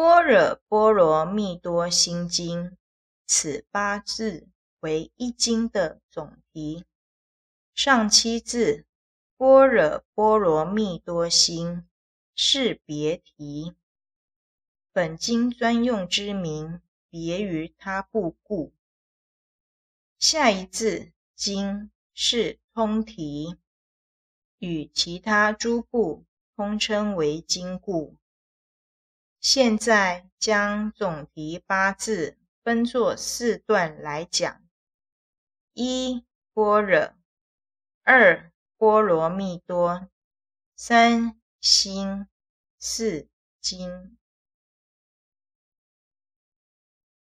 《般若波羅蜜多心經》此八字為一經的總題，上七字“般若波羅蜜多心”是別題，本經專用之名，別於他部故。下一字“經”是通題，與其他諸部通稱為經故。現在將總題八字分作四段來講：一、般若；二、波羅蜜多；三、心；四、經。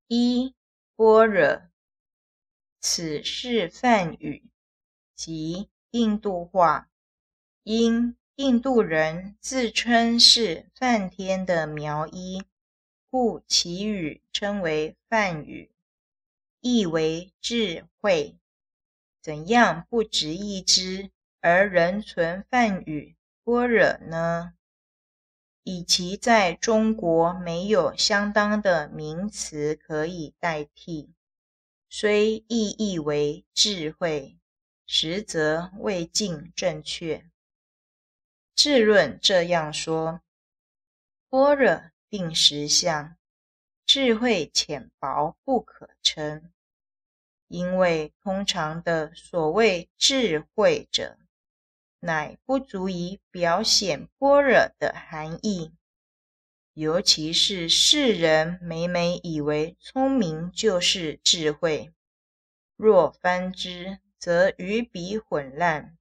一、般若，此是梵語即印度話音印度人自稱是梵天的苗裔，故其語稱為梵語，意為智慧。怎樣不值一知而仍存梵語般若呢？以其在中國沒有相當的名詞可以代替，雖意譯為智慧，實則未盡正確。智論這樣說：“般若定實相，智慧淺薄不可稱。因為通常的所謂智慧者，乃不足以表現般若的含義。尤其是世人每每以為聰明就是智慧，若翻之，則與彼混亂。”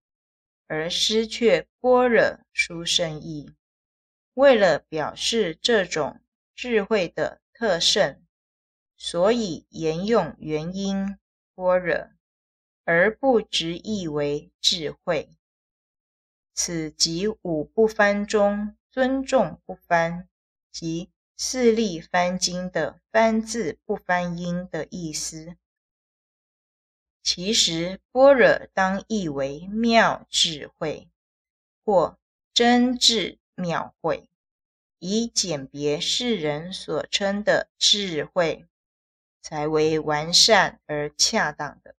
而失卻般若殊勝義，為了表示這種智慧的特勝，所以沿用原音般若，而不直譯為智慧。此即五不翻中尊重不翻，及四例翻經的翻字不翻音的意思。其實，般若當意為妙智慧，或真智妙慧，以簡別世人所稱的智慧，才為完善而恰當的。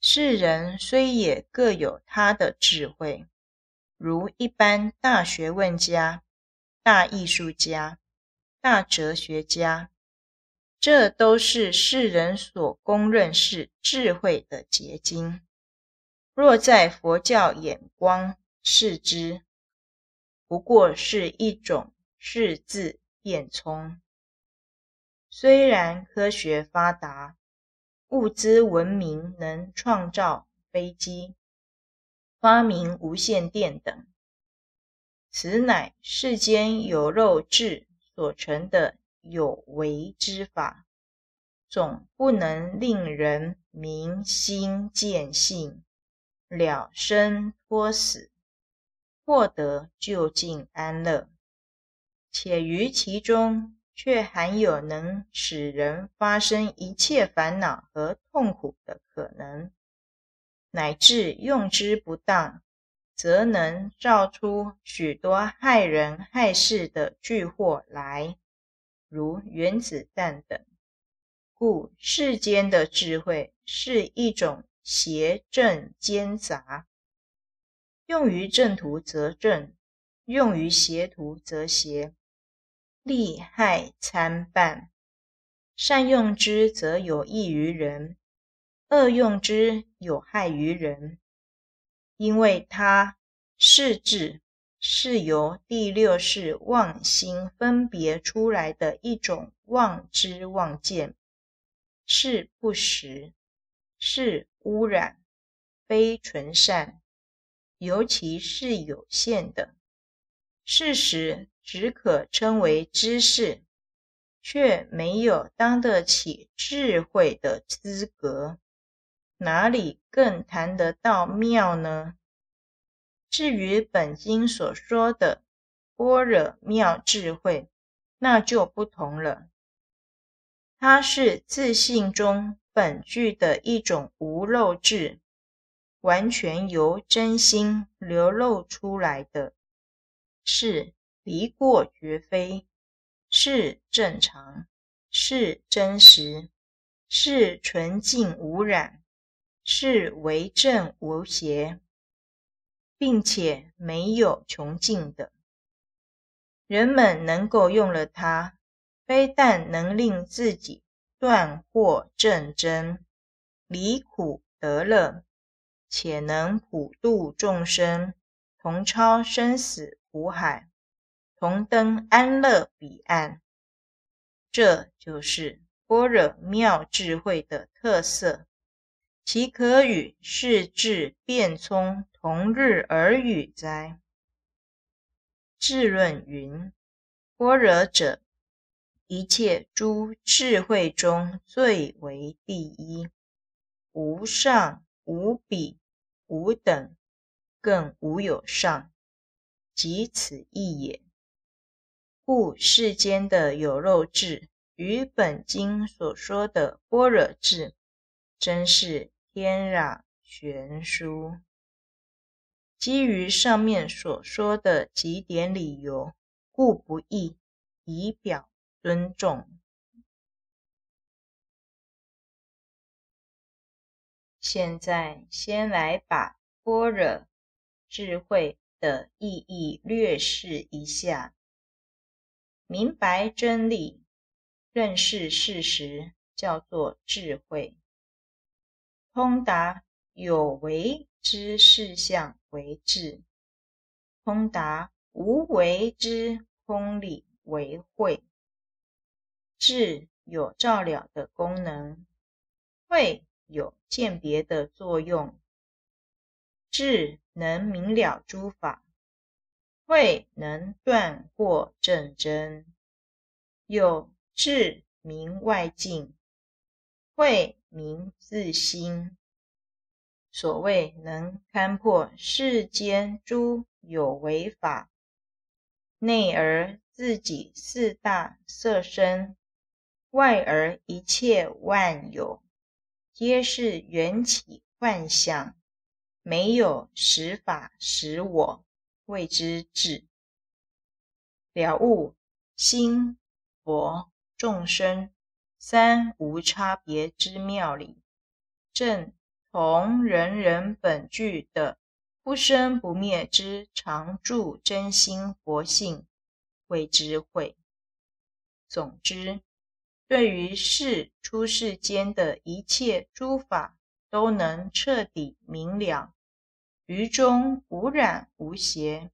世人雖也各有他的智慧，如一般大學問家、大藝術家、大哲學家。這都是世人所公認是智慧的結晶。若在佛教眼光視之，不過是一種視字變蟲。雖然科學發達，物質文明能創造飛機、發明無線電等，此乃世間有肉質所成的，有為之法，總不能令人明心見性、了生脫死，獲得究竟安樂。且於其中，卻含有能使人發生一切煩惱和痛苦的可能，乃至用之不當，則能造出許多害人害事的巨禍來。如原子彈等，故世間的智慧是一種邪正兼雜，用於正途則正，用於邪途則邪，利害參半。善用之則有益於人，惡用之有害於人，因為它是指。是由第六識妄心分別出來的一種妄知妄見，是不實、是污染、非純善，尤其是有限的。事實只可稱為知識，卻沒有當得起智慧的資格，哪裡更談得到妙呢？至於本經所說的般若妙智慧，那就不同了。它是自信中本具的一種無漏智，完全由真心流露出來的，是離過絕非，是正常，是真實，是純淨無染，是為正無邪。並且沒有窮盡的，人們能夠用了它，非但能令自己斷惑證真，離苦得樂，且能普度眾生，同超生死苦海，同登安樂彼岸。這就是般若妙智慧的特色，其可與世智辯聰。同日而語哉？智論云：“般若者，一切諸智慧中最為第一，無上無比無等，更無有上。即此一也。故世間的有漏智與本經所說的般若智，真是天壤懸殊。”基於上面所說的幾點理由，故不譯以表尊重。現在先來把般若智慧的意義略示一下：明白真理，認識事實，叫做智慧，通達有為之事相為智，通達無為之空理為慧。智有照了的功能，慧有鑑別的作用。智能明了諸法，慧能斷過正真。有智明外境，慧明自心。所謂能勘破世間諸有為法，內而自己四大色身，外而一切萬有，皆是緣起幻象，沒有實法實我，謂之智，謂之智了悟心佛眾生三無差別之妙理，正。從人人本具的不生不滅之常住真心佛性謂之慧。總之，對於世出世間的一切諸法都能徹底明了，於中無染無邪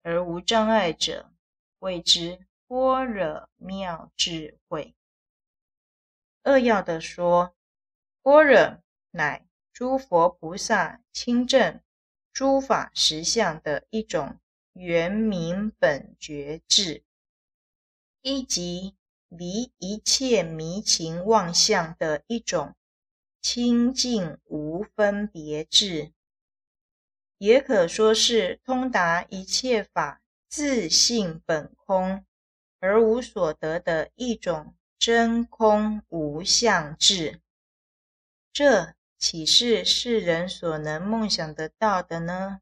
而無障礙者，謂之般若妙智慧。扼要的說，般若乃。諸佛菩薩清淨諸法實相的一種原明本覺智，亦即離一切迷情妄相的一種清淨無分別智，也可說是通達一切法自性本空而無所得的一種真空無相智。這豈是世人所能夢想得到的呢？